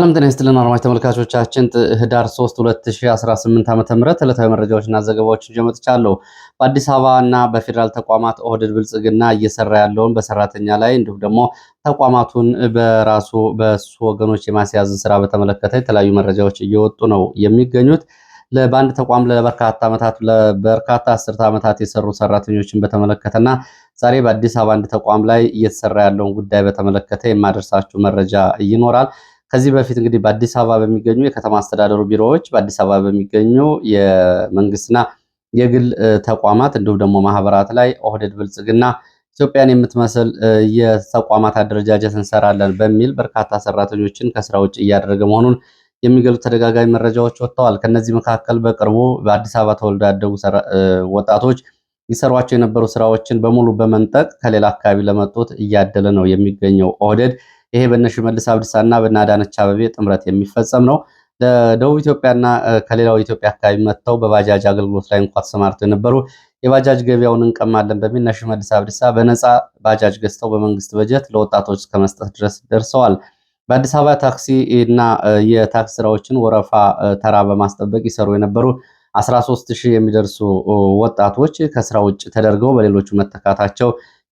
ሰላም ጤና ይስጥልን አድማጭ ተመልካቾቻችን፣ ህዳር 3 2018 ዓ ም ዕለታዊ መረጃዎችና ዘገባዎችን ይዤ መጥቻለሁ። በአዲስ አበባ እና በፌዴራል ተቋማት ኦህድድ ብልጽግና እየሰራ ያለውን በሰራተኛ ላይ እንዲሁም ደግሞ ተቋማቱን በራሱ በሱ ወገኖች የማስያዝ ስራ በተመለከተ የተለያዩ መረጃዎች እየወጡ ነው የሚገኙት። በአንድ ተቋም ለበርካታ ዓመታት ለበርካታ አስርተ ዓመታት የሰሩ ሰራተኞችን በተመለከተና ዛሬ በአዲስ አበባ አንድ ተቋም ላይ እየተሰራ ያለውን ጉዳይ በተመለከተ የማደርሳችሁ መረጃ ይኖራል። ከዚህ በፊት እንግዲህ በአዲስ አበባ በሚገኙ የከተማ አስተዳደሩ ቢሮዎች፣ በአዲስ አበባ በሚገኙ የመንግስትና የግል ተቋማት እንዲሁም ደግሞ ማህበራት ላይ ኦህደድ ብልጽግና ኢትዮጵያን የምትመስል የተቋማት አደረጃጀት እንሰራለን በሚል በርካታ ሰራተኞችን ከስራ ውጭ እያደረገ መሆኑን የሚገሉ ተደጋጋሚ መረጃዎች ወጥተዋል። ከነዚህ መካከል በቅርቡ በአዲስ አበባ ተወልዶ ያደጉ ወጣቶች ይሰሯቸው የነበሩ ስራዎችን በሙሉ በመንጠቅ ከሌላ አካባቢ ለመጡት እያደለ ነው የሚገኘው ኦህደድ ይሄ በነ ሽመልስ አብዲሳና በነ አዳነች አበቤ ጥምረት የሚፈጸም ነው። ለደቡብ ኢትዮጵያና ከሌላው ኢትዮጵያ አካባቢ መጥተው በባጃጅ አገልግሎት ላይ እንኳ ተሰማርተው የነበሩ የባጃጅ ገበያውን እንቀማለን በሚል እነ ሽመልስ አብዲሳ በነፃ ባጃጅ ገዝተው በመንግስት በጀት ለወጣቶች እስከ መስጠት ድረስ ደርሰዋል። በአዲስ አበባ ታክሲ እና የታክሲ ስራዎችን ወረፋ ተራ በማስጠበቅ ይሰሩ የነበሩ 13 ሺህ የሚደርሱ ወጣቶች ከስራ ውጭ ተደርገው በሌሎቹ መተካታቸው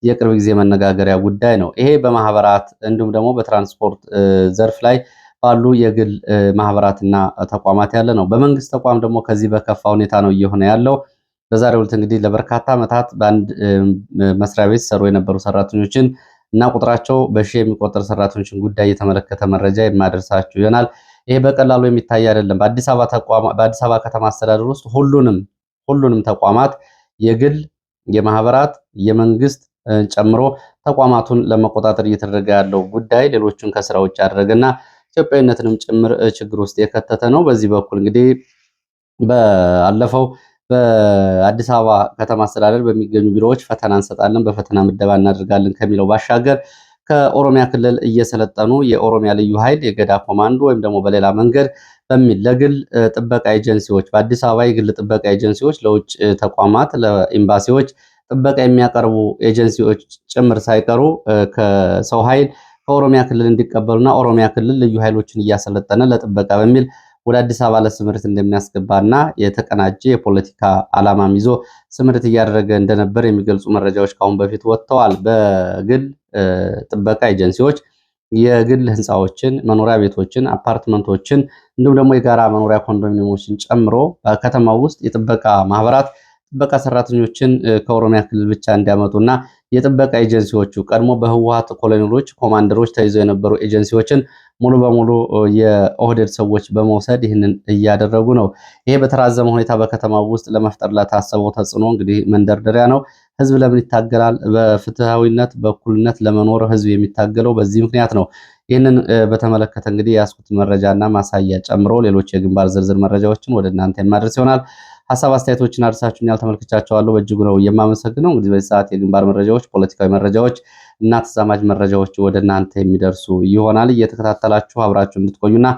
የቅርብ ጊዜ መነጋገሪያ ጉዳይ ነው። ይሄ በማህበራት እንዲሁም ደግሞ በትራንስፖርት ዘርፍ ላይ ባሉ የግል ማህበራትና ተቋማት ያለ ነው። በመንግስት ተቋም ደግሞ ከዚህ በከፋ ሁኔታ ነው እየሆነ ያለው። በዛሬው ዕለት እንግዲህ ለበርካታ ዓመታት በአንድ መስሪያ ቤት ሰሩ የነበሩ ሰራተኞችን እና ቁጥራቸው በሺ የሚቆጠር ሰራተኞችን ጉዳይ የተመለከተ መረጃ የማደርሳችሁ ይሆናል። ይሄ በቀላሉ የሚታይ አይደለም። በአዲስ አበባ ከተማ አስተዳደር ውስጥ ሁሉንም ሁሉንም ተቋማት የግል፣ የማህበራት፣ የመንግስት ጨምሮ ተቋማቱን ለመቆጣጠር እየተደረገ ያለው ጉዳይ ሌሎቹን ከስራ ውጭ ያደረገና ኢትዮጵያዊነትንም ጭምር ችግር ውስጥ የከተተ ነው። በዚህ በኩል እንግዲህ በአለፈው በአዲስ አበባ ከተማ አስተዳደር በሚገኙ ቢሮዎች ፈተና እንሰጣለን፣ በፈተና ምደባ እናደርጋለን ከሚለው ባሻገር ከኦሮሚያ ክልል እየሰለጠኑ የኦሮሚያ ልዩ ኃይል የገዳ ኮማንዶ ወይም ደግሞ በሌላ መንገድ በሚል ለግል ጥበቃ ኤጀንሲዎች በአዲስ አበባ የግል ጥበቃ ኤጀንሲዎች ለውጭ ተቋማት ለኤምባሲዎች ጥበቃ የሚያቀርቡ ኤጀንሲዎች ጭምር ሳይቀሩ ከሰው ኃይል ከኦሮሚያ ክልል እንዲቀበሉና ኦሮሚያ ክልል ልዩ ኃይሎችን እያሰለጠነ ለጥበቃ በሚል ወደ አዲስ አበባ ለስምርት እንደሚያስገባና የተቀናጀ የፖለቲካ ዓላማም ይዞ ስምርት እያደረገ እንደነበር የሚገልጹ መረጃዎች ከአሁን በፊት ወጥተዋል። በግል ጥበቃ ኤጀንሲዎች የግል ህንፃዎችን መኖሪያ ቤቶችን፣ አፓርትመንቶችን እንዲሁም ደግሞ የጋራ መኖሪያ ኮንዶሚኒየሞችን ጨምሮ ከተማው ውስጥ የጥበቃ ማህበራት ጥበቃ ሰራተኞችን ከኦሮሚያ ክልል ብቻ እንዲያመጡና የጥበቃ ኤጀንሲዎቹ ቀድሞ በህወሀት ኮሎኔሎች፣ ኮማንደሮች ተይዘው የነበሩ ኤጀንሲዎችን ሙሉ በሙሉ የኦህዴድ ሰዎች በመውሰድ ይህንን እያደረጉ ነው። ይሄ በተራዘመ ሁኔታ በከተማው ውስጥ ለመፍጠር ለታሰበው ተጽዕኖ እንግዲህ መንደርደሪያ ነው። ህዝብ ለምን ይታገላል? በፍትሐዊነት በእኩልነት ለመኖር ህዝብ የሚታገለው በዚህ ምክንያት ነው። ይህንን በተመለከተ እንግዲህ የያዝኩት መረጃና ማሳያ ጨምሮ ሌሎች የግንባር ዝርዝር መረጃዎችን ወደ እናንተ የማድረስ ይሆናል። ሀሳብ አስተያየቶችን አድርሳችሁኛል፣ ተመልክቻቸዋለሁ። በእጅጉ ነው የማመሰግነው። እንግዲህ በዚህ ሰዓት የግንባር መረጃዎች፣ ፖለቲካዊ መረጃዎች እና ተዛማጅ መረጃዎች ወደ እናንተ የሚደርሱ ይሆናል። እየተከታተላችሁ አብራችሁ እንድትቆዩና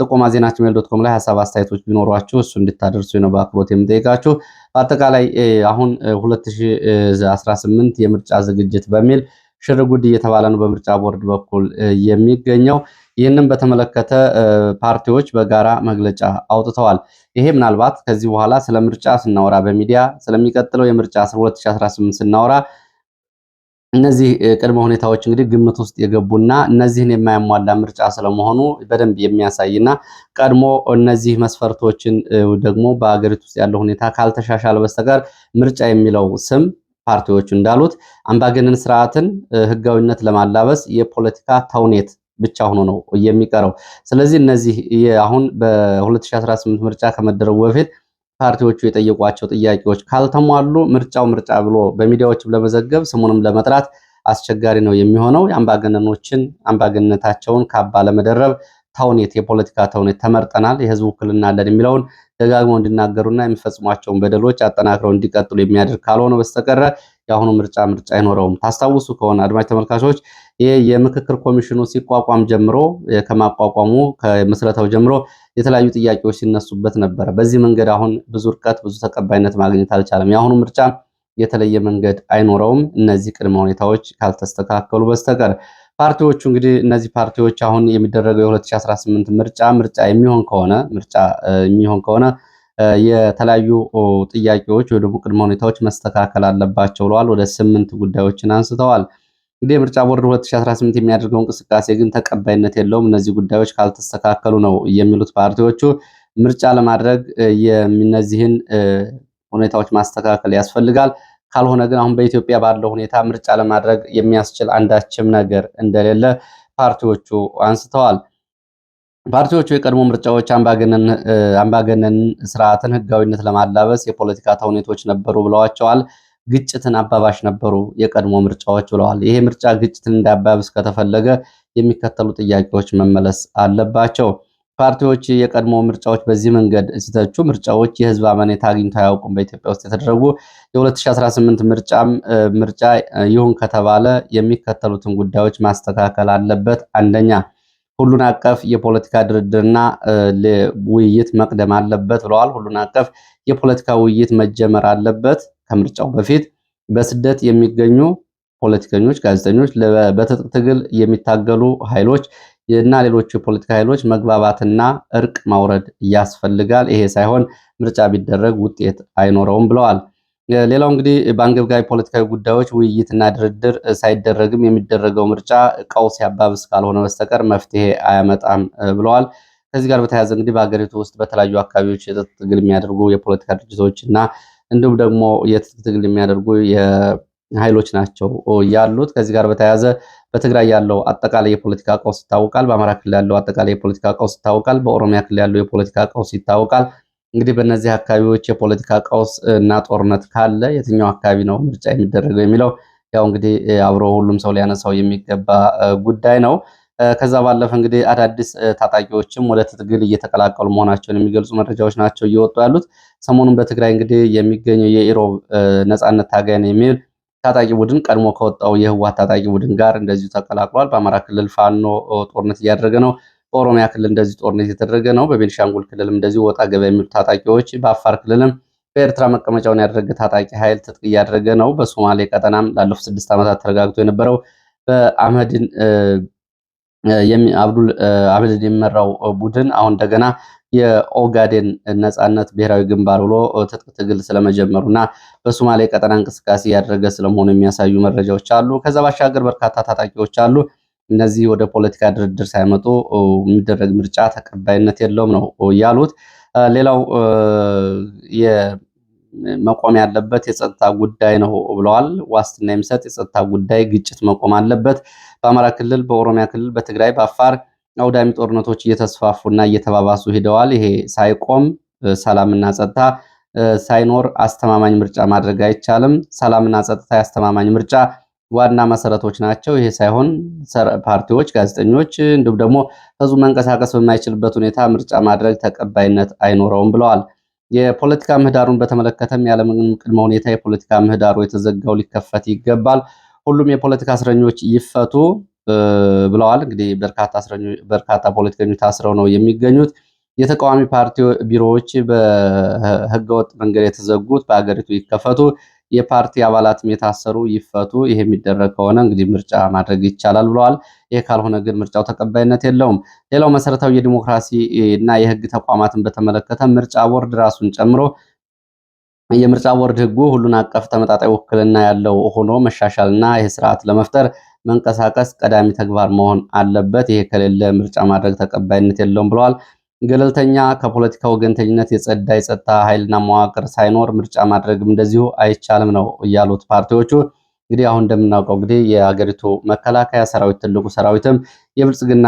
ጥቆማ ዜናችን ሜል ዶት ኮም ላይ ሀሳብ አስተያየቶች ቢኖሯችሁ እሱ እንድታደርሱ ነው በአክብሮት የምጠይቃችሁ። በአጠቃላይ አሁን 2018 የምርጫ ዝግጅት በሚል ሽርጉድ እየተባለ ነው በምርጫ ቦርድ በኩል የሚገኘው። ይህንም በተመለከተ ፓርቲዎች በጋራ መግለጫ አውጥተዋል። ይሄ ምናልባት ከዚህ በኋላ ስለ ምርጫ ስናወራ በሚዲያ ስለሚቀጥለው የምርጫ 2018 ስናወራ እነዚህ ቅድመ ሁኔታዎች እንግዲህ ግምት ውስጥ የገቡና እነዚህን የማያሟላ ምርጫ ስለመሆኑ በደንብ የሚያሳይና ቀድሞ እነዚህ መስፈርቶችን ደግሞ በሀገሪቱ ውስጥ ያለው ሁኔታ ካልተሻሻለ በስተቀር ምርጫ የሚለው ስም ፓርቲዎቹ እንዳሉት አምባገነን ስርዓትን ህጋዊነት ለማላበስ የፖለቲካ ተውኔት ብቻ ሆኖ ነው የሚቀረው። ስለዚህ እነዚህ አሁን በ2018 ምርጫ ከመደረጉ በፊት ፓርቲዎቹ የጠየቋቸው ጥያቄዎች ካልተሟሉ ምርጫው ምርጫ ብሎ በሚዲያዎችም ለመዘገብ ስሙንም ለመጥራት አስቸጋሪ ነው የሚሆነው። የአምባገነኖችን አምባገነታቸውን ካባ ለመደረብ ተውኔት የፖለቲካ ተውኔት ተመርጠናል፣ የህዝብ ውክልና አለን የሚለውን ደጋግመው እንዲናገሩና የሚፈጽሟቸውን በደሎች አጠናክረው እንዲቀጥሉ የሚያደርግ ካልሆነ በስተቀረ የአሁኑ ምርጫ ምርጫ አይኖረውም። ታስታውሱ ከሆነ አድማጭ ተመልካቾች ይህ የምክክር ኮሚሽኑ ሲቋቋም ጀምሮ ከማቋቋሙ ከምስረታው ጀምሮ የተለያዩ ጥያቄዎች ሲነሱበት ነበረ። በዚህ መንገድ አሁን ብዙ እርቀት ብዙ ተቀባይነት ማግኘት አልቻለም። የአሁኑ ምርጫ የተለየ መንገድ አይኖረውም እነዚህ ቅድመ ሁኔታዎች ካልተስተካከሉ በስተቀር ፓርቲዎቹ እንግዲህ እነዚህ ፓርቲዎች አሁን የሚደረገው የ2018 ምርጫ ምርጫ የሚሆን ከሆነ ምርጫ የሚሆን ከሆነ የተለያዩ ጥያቄዎች ወይ ደግሞ ቅድመ ሁኔታዎች መስተካከል አለባቸው ብለዋል። ወደ ስምንት ጉዳዮችን አንስተዋል። እንግዲህ የምርጫ ቦርድ 2018 የሚያደርገው እንቅስቃሴ ግን ተቀባይነት የለውም፣ እነዚህ ጉዳዮች ካልተስተካከሉ ነው የሚሉት ፓርቲዎቹ ምርጫ ለማድረግ የነዚህን ሁኔታዎች ማስተካከል ያስፈልጋል። ካልሆነ ግን አሁን በኢትዮጵያ ባለው ሁኔታ ምርጫ ለማድረግ የሚያስችል አንዳችም ነገር እንደሌለ ፓርቲዎቹ አንስተዋል። ፓርቲዎቹ የቀድሞ ምርጫዎች አምባገነን ስርዓትን ህጋዊነት ለማላበስ የፖለቲካ ተውኔቶች ነበሩ ብለዋቸዋል። ግጭትን አባባሽ ነበሩ የቀድሞ ምርጫዎች ብለዋል። ይሄ ምርጫ ግጭትን እንዳያባብስ ከተፈለገ የሚከተሉ ጥያቄዎች መመለስ አለባቸው። ፓርቲዎች የቀድሞ ምርጫዎች በዚህ መንገድ ሲተቹ ምርጫዎች የህዝብ አመኔታ አግኝቶ አያውቁም። በኢትዮጵያ ውስጥ የተደረጉ የ2018 ምርጫም ምርጫ ይሁን ከተባለ የሚከተሉትን ጉዳዮች ማስተካከል አለበት። አንደኛ ሁሉን አቀፍ የፖለቲካ ድርድርና ውይይት መቅደም አለበት ብለዋል። ሁሉን አቀፍ የፖለቲካ ውይይት መጀመር አለበት። ከምርጫው በፊት በስደት የሚገኙ ፖለቲከኞች፣ ጋዜጠኞች፣ በትጥቅ ትግል የሚታገሉ ኃይሎች እና ሌሎች የፖለቲካ ኃይሎች መግባባትና እርቅ ማውረድ ያስፈልጋል። ይሄ ሳይሆን ምርጫ ቢደረግ ውጤት አይኖረውም ብለዋል። ሌላው እንግዲህ በአንገብጋቢ ፖለቲካዊ ጉዳዮች ውይይትና ድርድር ሳይደረግም የሚደረገው ምርጫ ቀውስ ያባብስ ካልሆነ በስተቀር መፍትሄ አያመጣም ብለዋል። ከዚህ ጋር በተያያዘ እንግዲህ በሀገሪቱ ውስጥ በተለያዩ አካባቢዎች የትጥቅ ትግል የሚያደርጉ የፖለቲካ ድርጅቶች እና እንዲሁም ደግሞ የትጥቅ ትግል የሚያደርጉ ኃይሎች ናቸው ያሉት። ከዚህ ጋር በተያያዘ በትግራይ ያለው አጠቃላይ የፖለቲካ ቀውስ ይታወቃል። በአማራ ክልል ያለው አጠቃላይ የፖለቲካ ቀውስ ይታወቃል። በኦሮሚያ ክልል ያለው የፖለቲካ ቀውስ ይታወቃል። እንግዲህ በእነዚህ አካባቢዎች የፖለቲካ ቀውስ እና ጦርነት ካለ የትኛው አካባቢ ነው ምርጫ የሚደረገው የሚለው ያው እንግዲህ አብሮ ሁሉም ሰው ሊያነሳው የሚገባ ጉዳይ ነው። ከዛ ባለፈ እንግዲህ አዳዲስ ታጣቂዎችም ወደ ትግል እየተቀላቀሉ መሆናቸውን የሚገልጹ መረጃዎች ናቸው እየወጡ ያሉት። ሰሞኑን በትግራይ እንግዲህ የሚገኘው የኢሮብ ነፃነት ታጋይ ነው የሚል ታጣቂ ቡድን ቀድሞ ከወጣው የህወሓት ታጣቂ ቡድን ጋር እንደዚሁ ተቀላቅሏል። በአማራ ክልል ፋኖ ጦርነት እያደረገ ነው። በኦሮሚያ ክልል እንደዚህ ጦርነት እየተደረገ ነው። በቤንሻንጉል ክልልም እንደዚሁ ወጣ ገባ የሚሉ ታጣቂዎች፣ በአፋር ክልልም በኤርትራ መቀመጫውን ያደረገ ታጣቂ ኃይል ትጥቅ እያደረገ ነው። በሶማሌ ቀጠናም ላለፉት ስድስት ዓመታት ተረጋግቶ የነበረው በአህመድን አብዱል አህመድን የሚመራው ቡድን አሁን እንደገና የኦጋዴን ነጻነት ብሔራዊ ግንባር ብሎ ትጥቅ ትግል ስለመጀመሩ ና በሶማሌ ቀጠና እንቅስቃሴ ያደረገ ስለመሆኑ የሚያሳዩ መረጃዎች አሉ። ከዛ ባሻገር በርካታ ታጣቂዎች አሉ። እነዚህ ወደ ፖለቲካ ድርድር ሳይመጡ የሚደረግ ምርጫ ተቀባይነት የለውም ነው ያሉት። ሌላው መቆም ያለበት የጸጥታ ጉዳይ ነው ብለዋል። ዋስትና የሚሰጥ የጸጥታ ጉዳይ ግጭት መቆም አለበት። በአማራ ክልል፣ በኦሮሚያ ክልል፣ በትግራይ፣ በአፋር አውዳሚ ጦርነቶች እየተስፋፉና እየተባባሱ ሂደዋል። ይሄ ሳይቆም ሰላምና ጸጥታ ሳይኖር አስተማማኝ ምርጫ ማድረግ አይቻልም። ሰላምና ጸጥታ የአስተማማኝ ምርጫ ዋና መሰረቶች ናቸው። ይሄ ሳይሆን ፓርቲዎች፣ ጋዜጠኞች እንዲሁም ደግሞ ህዝቡ መንቀሳቀስ በማይችልበት ሁኔታ ምርጫ ማድረግ ተቀባይነት አይኖረውም ብለዋል። የፖለቲካ ምህዳሩን በተመለከተም ያለምንም ቅድመ ሁኔታ የፖለቲካ ምህዳሩ የተዘጋው ሊከፈት ይገባል። ሁሉም የፖለቲካ እስረኞች ይፈቱ። ብለዋል። እንግዲህ በርካታ ፖለቲከኞች ታስረው ነው የሚገኙት። የተቃዋሚ ፓርቲ ቢሮዎች በህገወጥ መንገድ የተዘጉት በሀገሪቱ ይከፈቱ፣ የፓርቲ አባላትም የታሰሩ ይፈቱ። ይህ የሚደረግ ከሆነ እንግዲህ ምርጫ ማድረግ ይቻላል ብለዋል። ይህ ካልሆነ ግን ምርጫው ተቀባይነት የለውም። ሌላው መሰረታዊ የዲሞክራሲ እና የህግ ተቋማትን በተመለከተ ምርጫ ቦርድ ራሱን ጨምሮ የምርጫ ቦርድ ህጉ ሁሉን አቀፍ ተመጣጣይ ውክልና ያለው ሆኖ መሻሻልና ይህ ስርዓት ለመፍጠር መንቀሳቀስ ቀዳሚ ተግባር መሆን አለበት። ይሄ ከሌለ ምርጫ ማድረግ ተቀባይነት የለውም ብለዋል። ገለልተኛ ከፖለቲካ ወገንተኝነት የጸዳ የጸጥታ ኃይልና መዋቅር ሳይኖር ምርጫ ማድረግም እንደዚሁ አይቻልም ነው እያሉት ፓርቲዎቹ። እንግዲህ አሁን እንደምናውቀው እንግዲህ የሀገሪቱ መከላከያ ሰራዊት ትልቁ ሰራዊትም የብልጽግና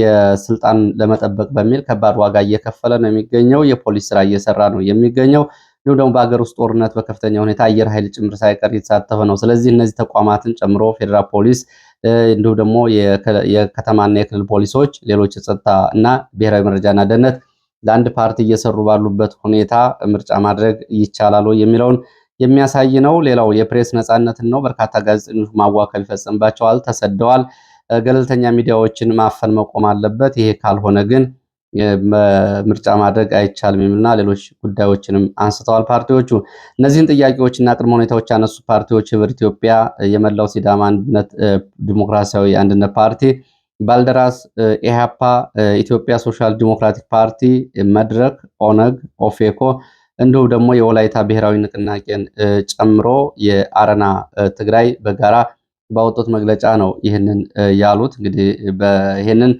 የስልጣን ለመጠበቅ በሚል ከባድ ዋጋ እየከፈለ ነው የሚገኘው። የፖሊስ ስራ እየሰራ ነው የሚገኘው። እንዲሁም ደግሞ በሀገር ውስጥ ጦርነት በከፍተኛ ሁኔታ አየር ኃይል ጭምር ሳይቀር የተሳተፈ ነው። ስለዚህ እነዚህ ተቋማትን ጨምሮ ፌዴራል ፖሊስ እንዲሁም ደግሞ የከተማና የክልል ፖሊሶች፣ ሌሎች የጸጥታ እና ብሔራዊ መረጃና ደህንነት ለአንድ ፓርቲ እየሰሩ ባሉበት ሁኔታ ምርጫ ማድረግ ይቻላል ወይ የሚለውን የሚያሳይ ነው። ሌላው የፕሬስ ነጻነትን ነው። በርካታ ጋዜጠኞች ማዋከብ ይፈጸምባቸዋል፣ ተሰደዋል። ገለልተኛ ሚዲያዎችን ማፈን መቆም አለበት። ይሄ ካልሆነ ግን ምርጫ ማድረግ አይቻልም የሚልና ሌሎች ጉዳዮችንም አንስተዋል። ፓርቲዎቹ እነዚህን ጥያቄዎችና ቅድመ ሁኔታዎች ያነሱ ፓርቲዎች ህብር ኢትዮጵያ፣ የመላው ሲዳማ አንድነት ዲሞክራሲያዊ አንድነት ፓርቲ፣ ባልደራስ፣ ኢህአፓ፣ ኢትዮጵያ ሶሻል ዲሞክራቲክ ፓርቲ፣ መድረክ፣ ኦነግ፣ ኦፌኮ እንዲሁም ደግሞ የወላይታ ብሔራዊ ንቅናቄን ጨምሮ የአረና ትግራይ በጋራ ባወጡት መግለጫ ነው ይህንን ያሉት። እንግዲህ ይህንን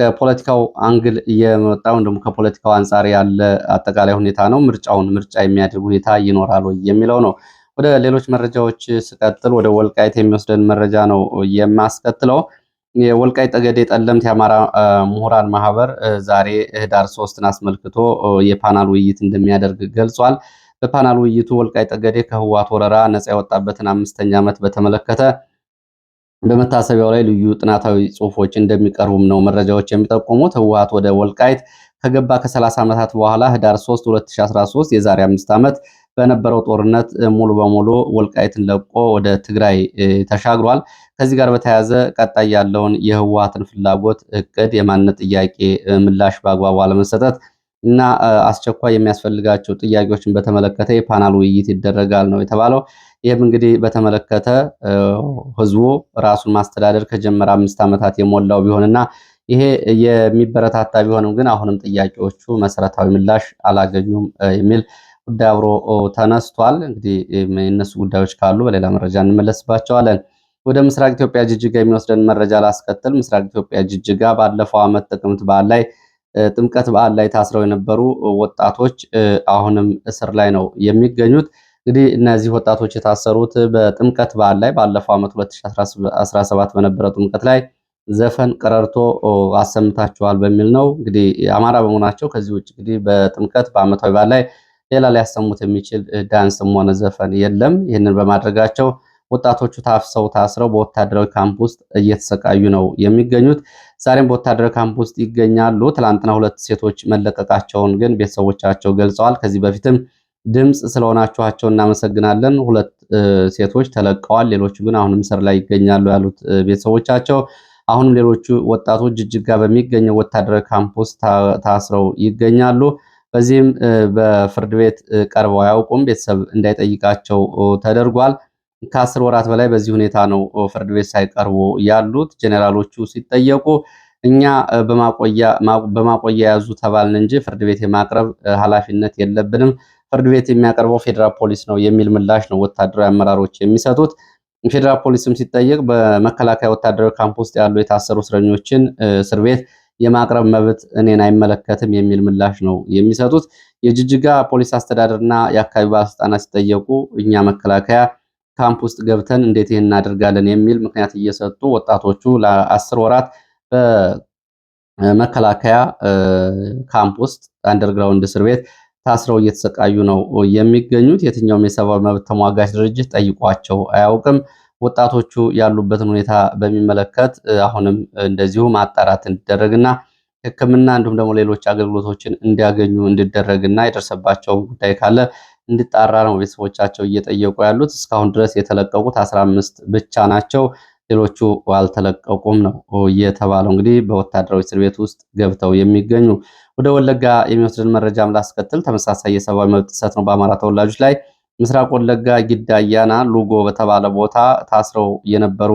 ከፖለቲካው አንግል እየመጣ ወይም ደግሞ ከፖለቲካው አንጻር ያለ አጠቃላይ ሁኔታ ነው። ምርጫውን ምርጫ የሚያደርግ ሁኔታ ይኖራል ወይ የሚለው ነው። ወደ ሌሎች መረጃዎች ስቀጥል ወደ ወልቃይት የሚወስደን መረጃ ነው የማስከትለው። የወልቃይት ጠገዴ ጠለምት የአማራ ምሁራን ማህበር ዛሬ ህዳር ሶስትን አስመልክቶ የፓናል ውይይት እንደሚያደርግ ገልጿል። በፓናል ውይይቱ ወልቃይት ጠገዴ ከህዋት ወረራ ነጻ የወጣበትን አምስተኛ ዓመት በተመለከተ በመታሰቢያው ላይ ልዩ ጥናታዊ ጽሁፎች እንደሚቀርቡም ነው መረጃዎች የሚጠቁሙት። ህወሓት ወደ ወልቃይት ከገባ ከ30 ዓመታት በኋላ ህዳር 3 2013 የዛሬ አምስት ዓመት በነበረው ጦርነት ሙሉ በሙሉ ወልቃይትን ለቆ ወደ ትግራይ ተሻግሯል። ከዚህ ጋር በተያያዘ ቀጣይ ያለውን የህወሓትን ፍላጎት፣ እቅድ፣ የማንነት ጥያቄ ምላሽ በአግባቡ አለመሰጠት እና አስቸኳይ የሚያስፈልጋቸው ጥያቄዎችን በተመለከተ የፓናል ውይይት ይደረጋል ነው የተባለው። ይህም እንግዲህ በተመለከተ ህዝቡ ራሱን ማስተዳደር ከጀመረ አምስት ዓመታት የሞላው ቢሆንና ይሄ የሚበረታታ ቢሆንም ግን አሁንም ጥያቄዎቹ መሰረታዊ ምላሽ አላገኙም የሚል ጉዳይ አብሮ ተነስቷል። እንግዲህ የነሱ ጉዳዮች ካሉ በሌላ መረጃ እንመለስባቸዋለን። ወደ ምስራቅ ኢትዮጵያ ጅጅጋ የሚወስደን መረጃ ላስከትል። ምስራቅ ኢትዮጵያ ጅጅጋ ባለፈው ዓመት ጥቅምት በዓል ላይ ጥምቀት በዓል ላይ ታስረው የነበሩ ወጣቶች አሁንም እስር ላይ ነው የሚገኙት። እንግዲህ እነዚህ ወጣቶች የታሰሩት በጥምቀት በዓል ላይ ባለፈው ዓመት 2017 በነበረ ጥምቀት ላይ ዘፈን ቀረርቶ አሰምታችኋል በሚል ነው። እንግዲህ አማራ በመሆናቸው ከዚህ ውጭ እንግዲህ በጥምቀት በዓመታዊ በዓል ላይ ሌላ ሊያሰሙት የሚችል ዳንስም ሆነ ዘፈን የለም። ይህንን በማድረጋቸው ወጣቶቹ ታፍሰው ታስረው በወታደራዊ ካምፕ ውስጥ እየተሰቃዩ ነው የሚገኙት። ዛሬም በወታደራዊ ካምፕ ውስጥ ይገኛሉ። ትላንትና ሁለት ሴቶች መለቀቃቸውን ግን ቤተሰቦቻቸው ገልጸዋል። ከዚህ በፊትም ድምፅ ስለሆናችኋቸው እናመሰግናለን። ሁለት ሴቶች ተለቀዋል፣ ሌሎቹ ግን አሁንም ስር ላይ ይገኛሉ ያሉት ቤተሰቦቻቸው አሁንም ሌሎቹ ወጣቶች ጅጅጋ በሚገኘው ወታደራዊ ካምፖስ ታስረው ይገኛሉ። በዚህም በፍርድ ቤት ቀርበው አያውቁም። ቤተሰብ እንዳይጠይቃቸው ተደርጓል። ከአስር ወራት በላይ በዚህ ሁኔታ ነው ፍርድ ቤት ሳይቀርቡ ያሉት። ጀኔራሎቹ ሲጠየቁ እኛ በማቆያ ያዙ ተባልን እንጂ ፍርድ ቤት የማቅረብ ኃላፊነት የለብንም ፍርድ ቤት የሚያቀርበው ፌዴራል ፖሊስ ነው የሚል ምላሽ ነው ወታደራዊ አመራሮች የሚሰጡት። ፌዴራል ፖሊስም ሲጠየቅ በመከላከያ ወታደራዊ ካምፕ ውስጥ ያሉ የታሰሩ እስረኞችን እስር ቤት የማቅረብ መብት እኔን አይመለከትም የሚል ምላሽ ነው የሚሰጡት። የጅጅጋ ፖሊስ አስተዳደርና የአካባቢ ባለስልጣናት ሲጠየቁ እኛ መከላከያ ካምፕ ውስጥ ገብተን እንዴት ይህን እናደርጋለን የሚል ምክንያት እየሰጡ ወጣቶቹ ለአስር ወራት በመከላከያ ካምፕ ውስጥ አንደርግራውንድ እስር ቤት ታስረው እየተሰቃዩ ነው የሚገኙት። የትኛውም የሰብአዊ መብት ተሟጋች ድርጅት ጠይቋቸው አያውቅም። ወጣቶቹ ያሉበትን ሁኔታ በሚመለከት አሁንም እንደዚሁ ማጣራት እንዲደረግና ሕክምና እንዲሁም ደግሞ ሌሎች አገልግሎቶችን እንዲያገኙ እንዲደረግና የደረሰባቸውን ጉዳይ ካለ እንዲጣራ ነው ቤተሰቦቻቸው እየጠየቁ ያሉት። እስካሁን ድረስ የተለቀቁት አስራ አምስት ብቻ ናቸው። ሌሎቹ አልተለቀቁም ነው እየተባለው። እንግዲህ በወታደራዊ እስር ቤት ውስጥ ገብተው የሚገኙ ወደ ወለጋ የሚወስድን መረጃም ላስከትል። ተመሳሳይ የሰብአዊ መብት ጥሰት ነው በአማራ ተወላጆች ላይ ምስራቅ ወለጋ ጊዳያና ሉጎ በተባለ ቦታ ታስረው የነበሩ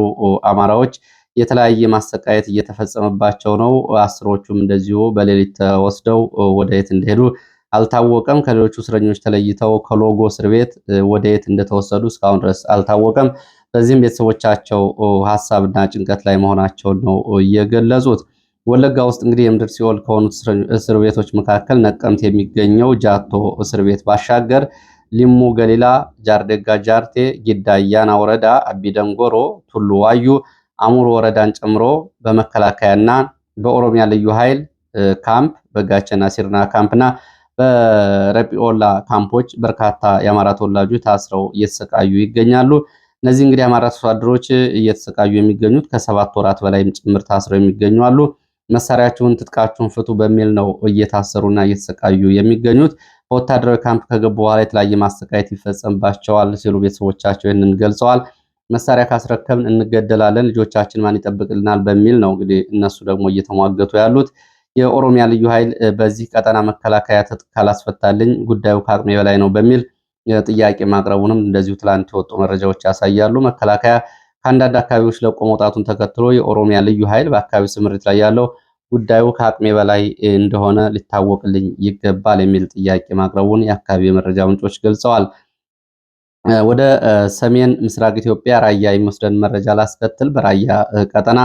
አማራዎች የተለያየ ማሰቃየት እየተፈጸመባቸው ነው። አስሮቹም እንደዚሁ በሌሊት ተወስደው ወደ የት እንደሄዱ አልታወቀም። ከሌሎቹ እስረኞች ተለይተው ከሎጎ እስር ቤት ወደ የት እንደተወሰዱ እስካሁን ድረስ አልታወቀም። በዚህም ቤተሰቦቻቸው ሀሳብና ጭንቀት ላይ መሆናቸውን ነው የገለጹት። ወለጋ ውስጥ እንግዲህ የምድር ሲኦል ከሆኑት እስር ቤቶች መካከል ነቀምት የሚገኘው ጃቶ እስር ቤት ባሻገር ሊሙ ገሊላ፣ ጃርደጋ ጃርቴ፣ ጊዳ አያና ወረዳ፣ አቢደንጎሮ፣ ቱሉ ዋዩ፣ አሙር ወረዳን ጨምሮ በመከላከያና በኦሮሚያ ልዩ ኃይል ካምፕ በጋቸና ሲርና ካምፕና በረጲኦላ ካምፖች በርካታ የአማራ ተወላጆች ታስረው እየተሰቃዩ ይገኛሉ። እነዚህ እንግዲህ አማራ አርሶ አደሮች እየተሰቃዩ የሚገኙት ከሰባት ወራት በላይ ጭምር ታስረው የሚገኙ አሉ። መሳሪያችሁን ትጥቃችሁን ፍቱ በሚል ነው እየታሰሩና እየተሰቃዩ የሚገኙት። በወታደራዊ ካምፕ ከገቡ በኋላ የተለያየ ማሰቃየት ይፈጸምባቸዋል ሲሉ ቤተሰቦቻቸው ይህንን ገልጸዋል። መሳሪያ ካስረከብን እንገደላለን፣ ልጆቻችን ማን ይጠብቅልናል በሚል ነው እንግዲህ እነሱ ደግሞ እየተሟገቱ ያሉት። የኦሮሚያ ልዩ ኃይል በዚህ ቀጠና መከላከያ ትጥቅ ካላስፈታልኝ ጉዳዩ ከአቅሜ በላይ ነው በሚል ጥያቄ ማቅረቡንም እንደዚሁ ትላንት የወጡ መረጃዎች ያሳያሉ። መከላከያ ከአንዳንድ አካባቢዎች ለቆ መውጣቱን ተከትሎ የኦሮሚያ ልዩ ኃይል በአካባቢ ስምሪት ላይ ያለው ጉዳዩ ከአቅሜ በላይ እንደሆነ ሊታወቅልኝ ይገባል የሚል ጥያቄ ማቅረቡን የአካባቢ የመረጃ ምንጮች ገልጸዋል። ወደ ሰሜን ምስራቅ ኢትዮጵያ ራያ የሚወስደን መረጃ ላስከትል። በራያ ቀጠና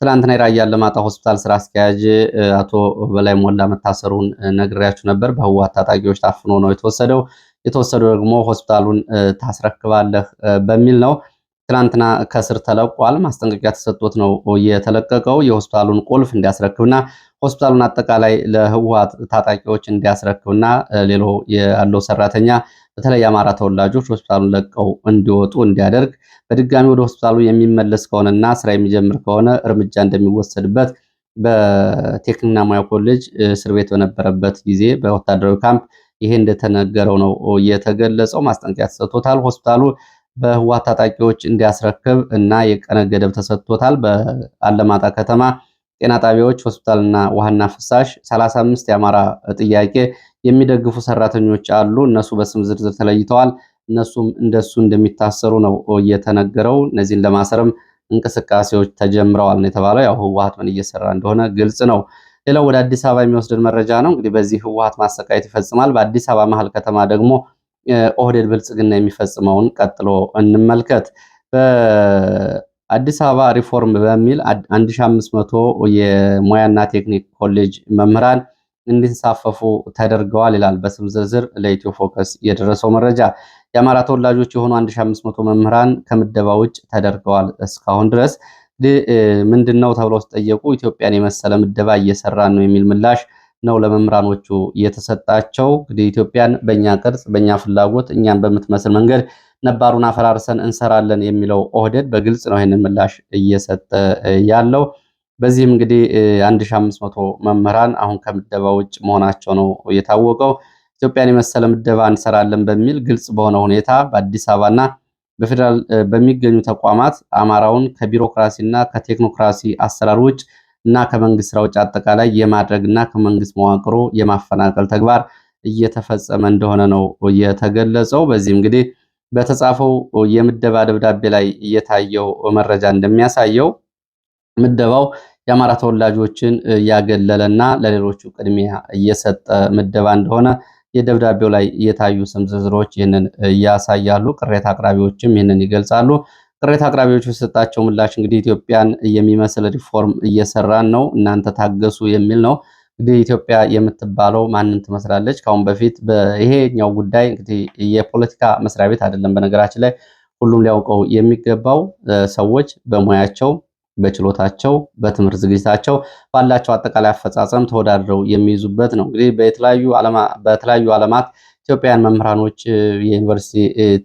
ትላንትና የራያን ለማጣ ሆስፒታል ስራ አስኪያጅ አቶ በላይ ሞላ መታሰሩን ነግሬያችሁ ነበር። በህወሓት ታጣቂዎች ታፍኖ ነው የተወሰደው። የተወሰዱ ደግሞ ሆስፒታሉን ታስረክባለህ በሚል ነው። ትናንትና ከስር ተለቋል። ማስጠንቀቂያ ተሰጥቶት ነው የተለቀቀው። የሆስፒታሉን ቁልፍ እንዲያስረክብና ሆስፒታሉን አጠቃላይ ለህወሓት ታጣቂዎች እንዲያስረክብና ሌሎ ያለው ሰራተኛ በተለይ የአማራ ተወላጆች ሆስፒታሉን ለቀው እንዲወጡ እንዲያደርግ በድጋሚ ወደ ሆስፒታሉ የሚመለስ ከሆነና ስራ የሚጀምር ከሆነ እርምጃ እንደሚወሰድበት በቴክኒክና ሙያ ኮሌጅ እስር ቤት በነበረበት ጊዜ በወታደራዊ ካምፕ ይሄ እንደተነገረው ነው የተገለጸው። ማስጠንቀቂያ ተሰጥቶታል። ሆስፒታሉ በህወሓት ታጣቂዎች እንዲያስረክብ እና የቀነ ገደብ ተሰጥቶታል። በአለማጣ ከተማ ጤና ጣቢያዎች፣ ሆስፒታልና ውሃና ፍሳሽ 35 የአማራ ጥያቄ የሚደግፉ ሰራተኞች አሉ። እነሱ በስም ዝርዝር ተለይተዋል። እነሱም እንደሱ እንደሚታሰሩ ነው እየተነገረው። እነዚህን ለማሰርም እንቅስቃሴዎች ተጀምረዋል ነው የተባለው። ያው ህወሀት ምን እየሰራ እንደሆነ ግልጽ ነው። ሌላው ወደ አዲስ አበባ የሚወስድን መረጃ ነው። እንግዲህ በዚህ ህወሓት ማሰቃየት ይፈጽማል። በአዲስ አበባ መሀል ከተማ ደግሞ ኦህዴድ ብልጽግና የሚፈጽመውን ቀጥሎ እንመልከት። በአዲስ አበባ ሪፎርም በሚል 1500 የሙያና ቴክኒክ ኮሌጅ መምህራን እንዲንሳፈፉ ተደርገዋል ይላል በስም ዝርዝር ለኢትዮ ፎከስ የደረሰው መረጃ። የአማራ ተወላጆች የሆኑ 1500 መምህራን ከምደባ ውጭ ተደርገዋል እስካሁን ድረስ ምንድን ነው ተብለው ሲጠየቁ ኢትዮጵያን የመሰለ ምደባ እየሰራን ነው የሚል ምላሽ ነው ለመምህራኖቹ የተሰጣቸው። እንግዲህ ኢትዮጵያን በእኛ ቅርጽ፣ በእኛ ፍላጎት፣ እኛን በምትመስል መንገድ ነባሩን አፈራርሰን እንሰራለን የሚለው ኦህደድ በግልጽ ነው ይህንን ምላሽ እየሰጠ ያለው። በዚህም እንግዲህ 1500 መምህራን አሁን ከምደባ ውጭ መሆናቸው ነው የታወቀው። ኢትዮጵያን የመሰለ ምደባ እንሰራለን በሚል ግልጽ በሆነ ሁኔታ በአዲስ አበባና በፌዴራል በሚገኙ ተቋማት አማራውን ከቢሮክራሲና ከቴክኖክራሲ አሰራር ውጭ እና ከመንግስት ስራ ውጭ አጠቃላይ የማድረግና ከመንግስት መዋቅሮ የማፈናቀል ተግባር እየተፈጸመ እንደሆነ ነው የተገለጸው። በዚህ እንግዲህ በተጻፈው የምደባ ደብዳቤ ላይ እየታየው መረጃ እንደሚያሳየው ምደባው የአማራ ተወላጆችን ያገለለና ለሌሎቹ ቅድሚያ እየሰጠ ምደባ እንደሆነ የደብዳቤው ላይ የታዩ ስም ዝርዝሮች ይህንን ያሳያሉ። ቅሬታ አቅራቢዎችም ይህንን ይገልጻሉ። ቅሬታ አቅራቢዎች የሰጣቸው ምላሽ እንግዲህ ኢትዮጵያን የሚመስል ሪፎርም እየሰራን ነው፣ እናንተ ታገሱ የሚል ነው። እንግዲህ ኢትዮጵያ የምትባለው ማንን ትመስላለች? ከአሁን በፊት በይሄኛው ጉዳይ እንግዲህ የፖለቲካ መስሪያ ቤት አይደለም። በነገራችን ላይ ሁሉም ሊያውቀው የሚገባው ሰዎች በሙያቸው በችሎታቸው በትምህርት ዝግጅታቸው ባላቸው አጠቃላይ አፈጻጸም ተወዳድረው የሚይዙበት ነው። እንግዲህ በተለያዩ ዓለማት ኢትዮጵያውያን መምህራኖች የዩኒቨርሲቲ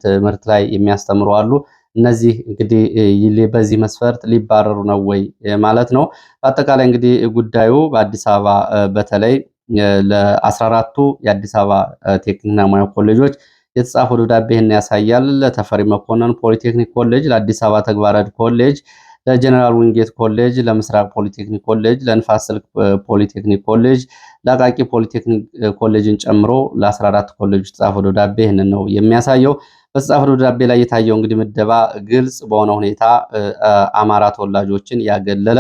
ትምህርት ላይ የሚያስተምሩ አሉ። እነዚህ እንግዲህ በዚህ መስፈርት ሊባረሩ ነው ወይ ማለት ነው። በአጠቃላይ እንግዲህ ጉዳዩ በአዲስ አበባ በተለይ ለአስራ አራቱ የአዲስ አበባ ቴክኒክና ሙያ ኮሌጆች የተጻፈው ደብዳቤ ያሳያል። ለተፈሪ መኮንን ፖሊቴክኒክ ኮሌጅ፣ ለአዲስ አበባ ተግባረ ኮሌጅ ለጀነራል ዊንጌት ኮሌጅ፣ ለምስራቅ ፖሊቴክኒክ ኮሌጅ፣ ለንፋስ ስልክ ፖሊቴክኒክ ኮሌጅ፣ ለአቃቂ ፖሊቴክኒክ ኮሌጅን ጨምሮ ለ14 ኮሌጆች ተጻፈ ደብዳቤ ይህንን ነው የሚያሳየው። በተጻፈ ደብዳቤ ላይ የታየው እንግዲህ ምደባ ግልጽ በሆነ ሁኔታ አማራ ተወላጆችን ያገለለ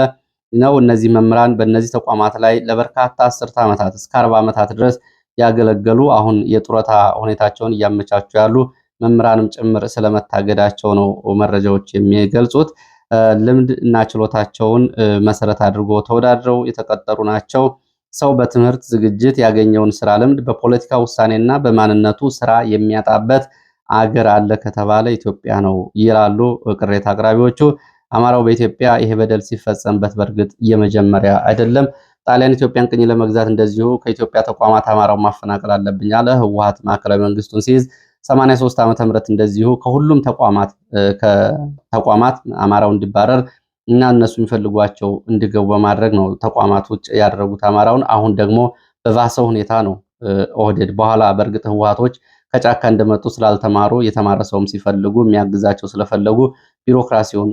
ነው። እነዚህ መምህራን በእነዚህ ተቋማት ላይ ለበርካታ አስርተ ዓመታት እስከ አርባ ዓመታት ድረስ ያገለገሉ አሁን የጡረታ ሁኔታቸውን እያመቻቹ ያሉ መምህራንም ጭምር ስለመታገዳቸው ነው መረጃዎች የሚገልጹት። ልምድ እና ችሎታቸውን መሰረት አድርጎ ተወዳድረው የተቀጠሩ ናቸው። ሰው በትምህርት ዝግጅት ያገኘውን ስራ ልምድ በፖለቲካ ውሳኔና በማንነቱ ስራ የሚያጣበት አገር አለ ከተባለ ኢትዮጵያ ነው ይላሉ ቅሬታ አቅራቢዎቹ። አማራው በኢትዮጵያ ይሄ በደል ሲፈጸምበት በእርግጥ የመጀመሪያ አይደለም። ጣሊያን ኢትዮጵያን ቅኝ ለመግዛት እንደዚሁ ከኢትዮጵያ ተቋማት አማራው ማፈናቀል አለብኝ አለ። ማዕከላዊ መንግስቱን ሲይዝ 83 ዓመተ ምህረት እንደዚሁ ከሁሉም ተቋማት ከተቋማት አማራው እንዲባረር እና እነሱ የሚፈልጓቸው እንዲገቡ በማድረግ ነው ተቋማት ውጭ ያደረጉት አማራውን። አሁን ደግሞ በባሰ ሁኔታ ነው ኦህዴድ በኋላ በእርግጥ ህወሀቶች ከጫካ እንደመጡ ስላልተማሩ የተማረ ሲፈልጉ የሚያግዛቸው ስለፈለጉ ቢሮክራሲውን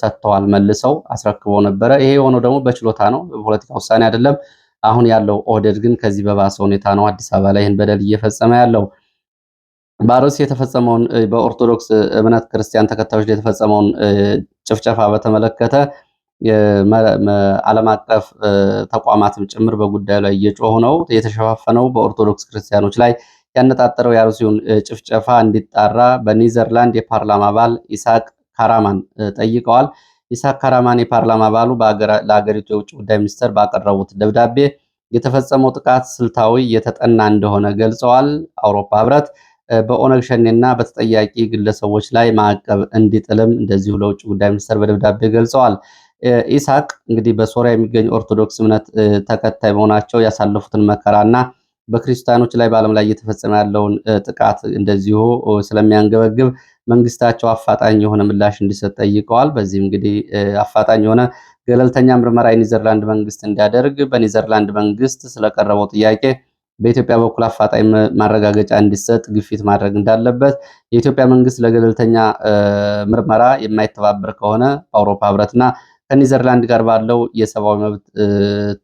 ሰጥተዋል፣ መልሰው አስረክበው ነበረ። ይሄ የሆነው ደግሞ በችሎታ ነው፣ በፖለቲካ ውሳኔ አይደለም። አሁን ያለው ኦህዴድ ግን ከዚህ በባሰ ሁኔታ ነው አዲስ አበባ ላይ ይህን በደል እየፈጸመ ያለው። በአርሲ የተፈጸመውን በኦርቶዶክስ እምነት ክርስቲያን ተከታዮች ላይ የተፈጸመውን ጭፍጨፋ በተመለከተ ዓለም አቀፍ ተቋማትም ጭምር በጉዳዩ ላይ እየጮሁ ነው። የተሸፋፈነው በኦርቶዶክስ ክርስቲያኖች ላይ ያነጣጠረው የአርሲውን ጭፍጨፋ እንዲጣራ በኒዘርላንድ የፓርላማ አባል ኢሳቅ ካራማን ጠይቀዋል። ኢሳቅ ካራማን የፓርላማ አባሉ ለሀገሪቱ የውጭ ጉዳይ ሚኒስተር ባቀረቡት ደብዳቤ የተፈጸመው ጥቃት ስልታዊ የተጠና እንደሆነ ገልጸዋል። አውሮፓ ህብረት በኦነግ ሸኔና በተጠያቂ ግለሰቦች ላይ ማዕቀብ እንዲጥልም እንደዚሁ ለውጭ ጉዳይ ሚኒስትር በደብዳቤ ገልጸዋል። ኢሳቅ እንግዲህ በሶሪያ የሚገኝ ኦርቶዶክስ እምነት ተከታይ መሆናቸው ያሳለፉትን መከራና በክርስቲያኖች ላይ በዓለም ላይ እየተፈጸመ ያለውን ጥቃት እንደዚሁ ስለሚያንገበግብ መንግስታቸው አፋጣኝ የሆነ ምላሽ እንዲሰጥ ጠይቀዋል። በዚህም እንግዲህ አፋጣኝ የሆነ ገለልተኛ ምርመራ የኒዘርላንድ መንግስት እንዲያደርግ በኒዘርላንድ መንግስት ስለቀረበው ጥያቄ በኢትዮጵያ በኩል አፋጣኝ ማረጋገጫ እንዲሰጥ ግፊት ማድረግ እንዳለበት፣ የኢትዮጵያ መንግስት ለገለልተኛ ምርመራ የማይተባበር ከሆነ በአውሮፓ ህብረትና ከኒዘርላንድ ጋር ባለው የሰብአዊ መብት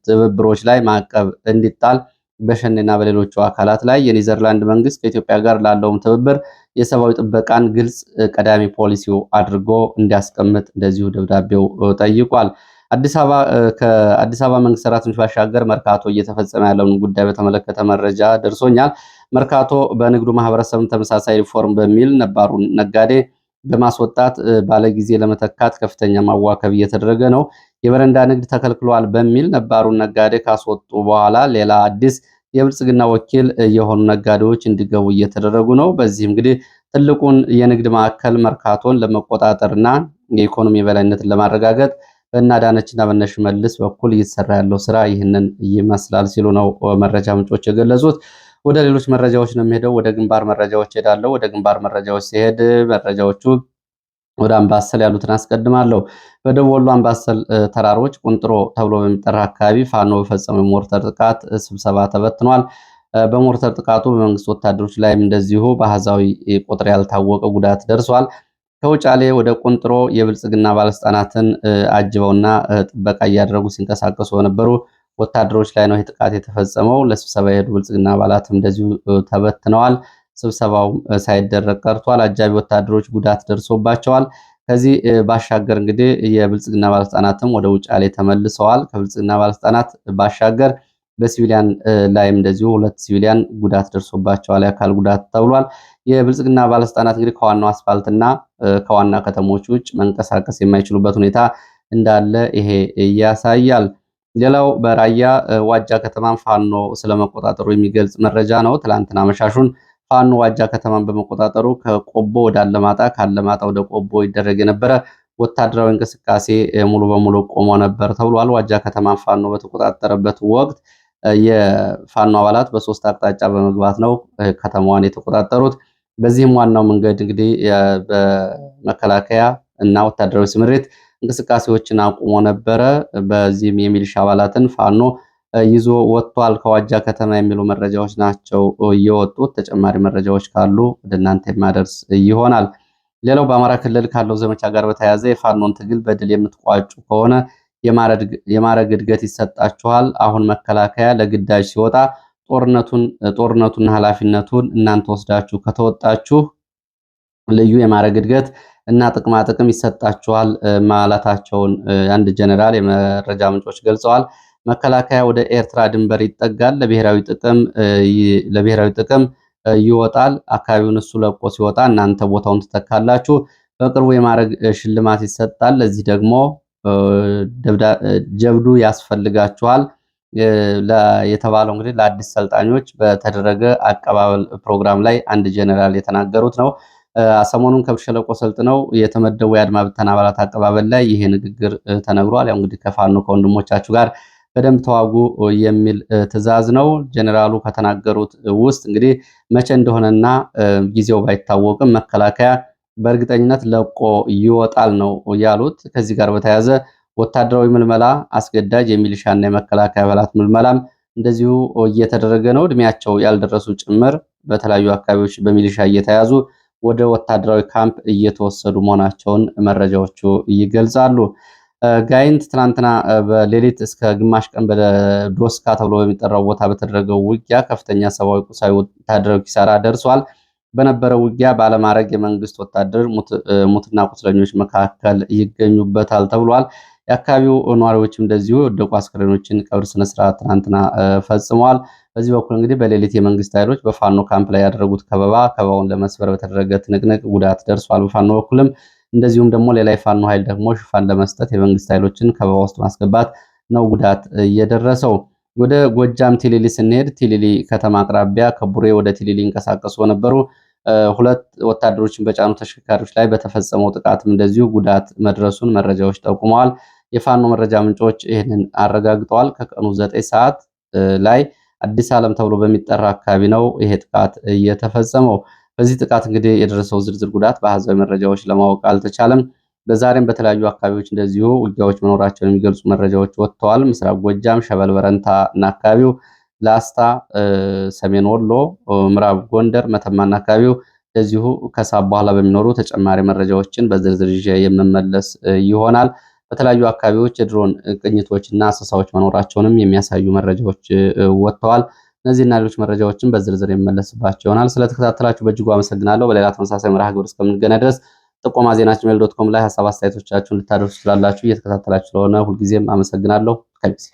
ትብብሮች ላይ ማዕቀብ እንዲጣል በሸኔና በሌሎቹ አካላት ላይ የኒዘርላንድ መንግስት ከኢትዮጵያ ጋር ላለውም ትብብር የሰብአዊ ጥበቃን ግልጽ ቀዳሚ ፖሊሲው አድርጎ እንዲያስቀምጥ እንደዚሁ ደብዳቤው ጠይቋል። አዲስ አበባ ከአዲስ አበባ መንግስት ሰራተኞች ባሻገር መርካቶ እየተፈጸመ ያለውን ጉዳይ በተመለከተ መረጃ ደርሶኛል። መርካቶ በንግዱ ማህበረሰብም ተመሳሳይ ሪፎርም በሚል ነባሩን ነጋዴ በማስወጣት ባለጊዜ ለመተካት ከፍተኛ ማዋከብ እየተደረገ ነው። የበረንዳ ንግድ ተከልክሏል በሚል ነባሩን ነጋዴ ካስወጡ በኋላ ሌላ አዲስ የብልጽግና ወኪል የሆኑ ነጋዴዎች እንዲገቡ እየተደረጉ ነው። በዚህም እንግዲህ ትልቁን የንግድ ማዕከል መርካቶን ለመቆጣጠርና የኢኮኖሚ የበላይነትን ለማረጋገጥ በእነ አዳነችና መልስ በኩል እየተሰራ ያለው ስራ ይህንን ይመስላል ሲሉ ነው መረጃ ምንጮች የገለጹት። ወደ ሌሎች መረጃዎች ነው የሚሄደው። ወደ ግንባር መረጃዎች ሄዳለሁ። ወደ ግንባር መረጃዎች ሲሄድ መረጃዎቹ ወደ አምባሰል ያሉትን አስቀድማለሁ። በደቡብ ወሎ አምባሰል ተራሮች ቁንጥሮ ተብሎ በሚጠራ አካባቢ ፋኖ በፈጸመው የሞርተር ጥቃት ስብሰባ ተበትኗል። በሞርተር ጥቃቱ በመንግስት ወታደሮች ላይም እንደዚሁ በአሃዛዊ ቁጥር ያልታወቀ ጉዳት ደርሷል። ከውጫሌ ወደ ቁንጥሮ የብልጽግና ባለስልጣናትን አጅበውና ጥበቃ እያደረጉ ሲንቀሳቀሱ በነበሩ ወታደሮች ላይ ነው ይህ ጥቃት የተፈጸመው። ለስብሰባ የሄዱ ብልጽግና አባላትም እንደዚሁ ተበትነዋል። ስብሰባው ሳይደረግ ቀርቷል። አጃቢ ወታደሮች ጉዳት ደርሶባቸዋል። ከዚህ ባሻገር እንግዲህ የብልጽግና ባለስልጣናትም ወደ ውጫሌ ተመልሰዋል። ከብልጽግና ባለስልጣናት ባሻገር በሲቪሊያን ላይም እንደዚሁ ሁለት ሲቪሊያን ጉዳት ደርሶባቸዋል። የአካል ጉዳት ተብሏል። የብልጽግና ባለስልጣናት እንግዲህ ከዋናው አስፋልትና ከዋና ከተሞች ውጭ መንቀሳቀስ የማይችሉበት ሁኔታ እንዳለ ይሄ ያሳያል። ሌላው በራያ ዋጃ ከተማን ፋኖ ስለመቆጣጠሩ የሚገልጽ መረጃ ነው። ትላንትና መሻሹን ፋኖ ዋጃ ከተማን በመቆጣጠሩ ከቆቦ ወደ አለማጣ ከአለማጣ ወደ ቆቦ ይደረግ የነበረ ወታደራዊ እንቅስቃሴ ሙሉ በሙሉ ቆሞ ነበር ተብሏል። ዋጃ ከተማን ፋኖ በተቆጣጠረበት ወቅት የፋኖ አባላት በሶስት አቅጣጫ በመግባት ነው ከተማዋን የተቆጣጠሩት። በዚህም ዋናው መንገድ እንግዲህ በመከላከያ እና ወታደራዊ ስምሪት እንቅስቃሴዎችን አቁሞ ነበረ። በዚህም የሚሊሻ አባላትን ፋኖ ይዞ ወጥቷል ከዋጃ ከተማ የሚሉ መረጃዎች ናቸው እየወጡት። ተጨማሪ መረጃዎች ካሉ ወደ እናንተ የማደርስ ይሆናል። ሌላው በአማራ ክልል ካለው ዘመቻ ጋር በተያያዘ የፋኖን ትግል በድል የምትቋጩ ከሆነ የማረግ እድገት ይሰጣችኋል። አሁን መከላከያ ለግዳጅ ሲወጣ ጦርነቱን ጦርነቱና ኃላፊነቱን እናንተ ወስዳችሁ ከተወጣችሁ ልዩ የማዕረግ እድገት እና ጥቅማ ጥቅም ይሰጣችኋል ማለታቸውን አንድ ጀኔራል የመረጃ ምንጮች ገልጸዋል። መከላከያ ወደ ኤርትራ ድንበር ይጠጋል፣ ለብሔራዊ ጥቅም ይወጣል። አካባቢውን እሱ ለቆ ሲወጣ እናንተ ቦታውን ትተካላችሁ። በቅርቡ የማዕረግ ሽልማት ይሰጣል። ለዚህ ደግሞ ጀብዱ ያስፈልጋችኋል። የተባለው እንግዲህ ለአዲስ ሰልጣኞች በተደረገ አቀባበል ፕሮግራም ላይ አንድ ጀነራል የተናገሩት ነው። ሰሞኑን ከብርሸለቆ ሰልጥነው የተመደቡ የአድማ ብተና አባላት አቀባበል ላይ ይሄ ንግግር ተነግሯል። ያው እንግዲህ ከፋኖ ከወንድሞቻችሁ ጋር በደንብ ተዋጉ የሚል ትዕዛዝ ነው። ጀኔራሉ ከተናገሩት ውስጥ እንግዲህ መቼ እንደሆነና ጊዜው ባይታወቅም መከላከያ በእርግጠኝነት ለቆ ይወጣል ነው ያሉት። ከዚህ ጋር በተያያዘ ወታደራዊ ምልመላ፣ አስገዳጅ የሚሊሻና የመከላከያ አባላት ምልመላም እንደዚሁ እየተደረገ ነው። እድሜያቸው ያልደረሱ ጭምር በተለያዩ አካባቢዎች በሚሊሻ እየተያዙ ወደ ወታደራዊ ካምፕ እየተወሰዱ መሆናቸውን መረጃዎቹ ይገልጻሉ። ጋይንት ትናንትና በሌሊት እስከ ግማሽ ቀን በዶስካ ተብሎ በሚጠራው ቦታ በተደረገው ውጊያ ከፍተኛ ሰብአዊ፣ ቁሳዊ፣ ወታደራዊ ኪሳራ ደርሷል። በነበረው ውጊያ ባለማዕረግ የመንግስት ወታደር ሙትና ቁስለኞች መካከል ይገኙበታል ተብሏል። የአካባቢው ነዋሪዎችም እንደዚሁ የወደቁ አስክሬኖችን ቀብር ስነስርዓት ትናንትና ፈጽመዋል። በዚህ በኩል እንግዲህ በሌሊት የመንግስት ኃይሎች በፋኖ ካምፕ ላይ ያደረጉት ከበባ ከበባውን ለመስበር በተደረገ ትንቅንቅ ጉዳት ደርሷል። በፋኖ በኩልም እንደዚሁም ደግሞ ሌላ የፋኖ ኃይል ደግሞ ሽፋን ለመስጠት የመንግስት ኃይሎችን ከበባ ውስጥ ማስገባት ነው ጉዳት እየደረሰው። ወደ ጎጃም ቲሊሊ ስንሄድ ቲሊሊ ከተማ አቅራቢያ ከቡሬ ወደ ቲሊሊ ይንቀሳቀሱ በነበሩ ሁለት ወታደሮችን በጫኑ ተሽከርካሪዎች ላይ በተፈጸመው ጥቃትም እንደዚሁ ጉዳት መድረሱን መረጃዎች ጠቁመዋል። የፋኖ መረጃ ምንጮች ይህንን አረጋግጠዋል። ከቀኑ ዘጠኝ ሰዓት ላይ አዲስ ዓለም ተብሎ በሚጠራ አካባቢ ነው ይሄ ጥቃት እየተፈጸመው። በዚህ ጥቃት እንግዲህ የደረሰው ዝርዝር ጉዳት በአሃዛዊ መረጃዎች ለማወቅ አልተቻለም። በዛሬም በተለያዩ አካባቢዎች እንደዚሁ ውጊያዎች መኖራቸውን የሚገልጹ መረጃዎች ወጥተዋል። ምስራቅ ጎጃም ሸበል በረንታ እና አካባቢው፣ ላስታ፣ ሰሜን ወሎ፣ ምዕራብ ጎንደር መተማና አካባቢው እንደዚሁ ከሰዓት በኋላ በሚኖሩ ተጨማሪ መረጃዎችን በዝርዝር ይዤ የምመለስ ይሆናል። በተለያዩ አካባቢዎች የድሮን ቅኝቶች እና አሰሳዎች መኖራቸውንም የሚያሳዩ መረጃዎች ወጥተዋል። እነዚህና ሌሎች መረጃዎችን በዝርዝር የመለስባቸው ይሆናል። ስለተከታተላችሁ በእጅጉ አመሰግናለሁ። በሌላ ተመሳሳይ መርሃ ግብር እስከምንገና ድረስ ጥቆማ ዜና ጂሜል ዶት ኮም ላይ ሀሳብ አስተያየቶቻችሁን ልታደርሱ ትችላላችሁ። እየተከታተላችሁ ስለሆነ ሁልጊዜም አመሰግናለሁ። ከጊዜ